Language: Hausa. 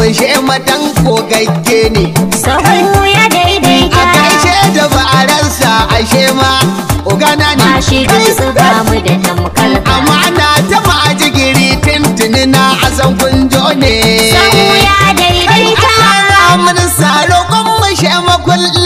mun she matan gogagge ne sahun ya daidai a karshe da a ashe ma ogana ne shi da su ba mu da tamkar amma na taba a jigiri tintini na azan kunjo ne sahun ya daidai A mun sa roƙon mu she makullin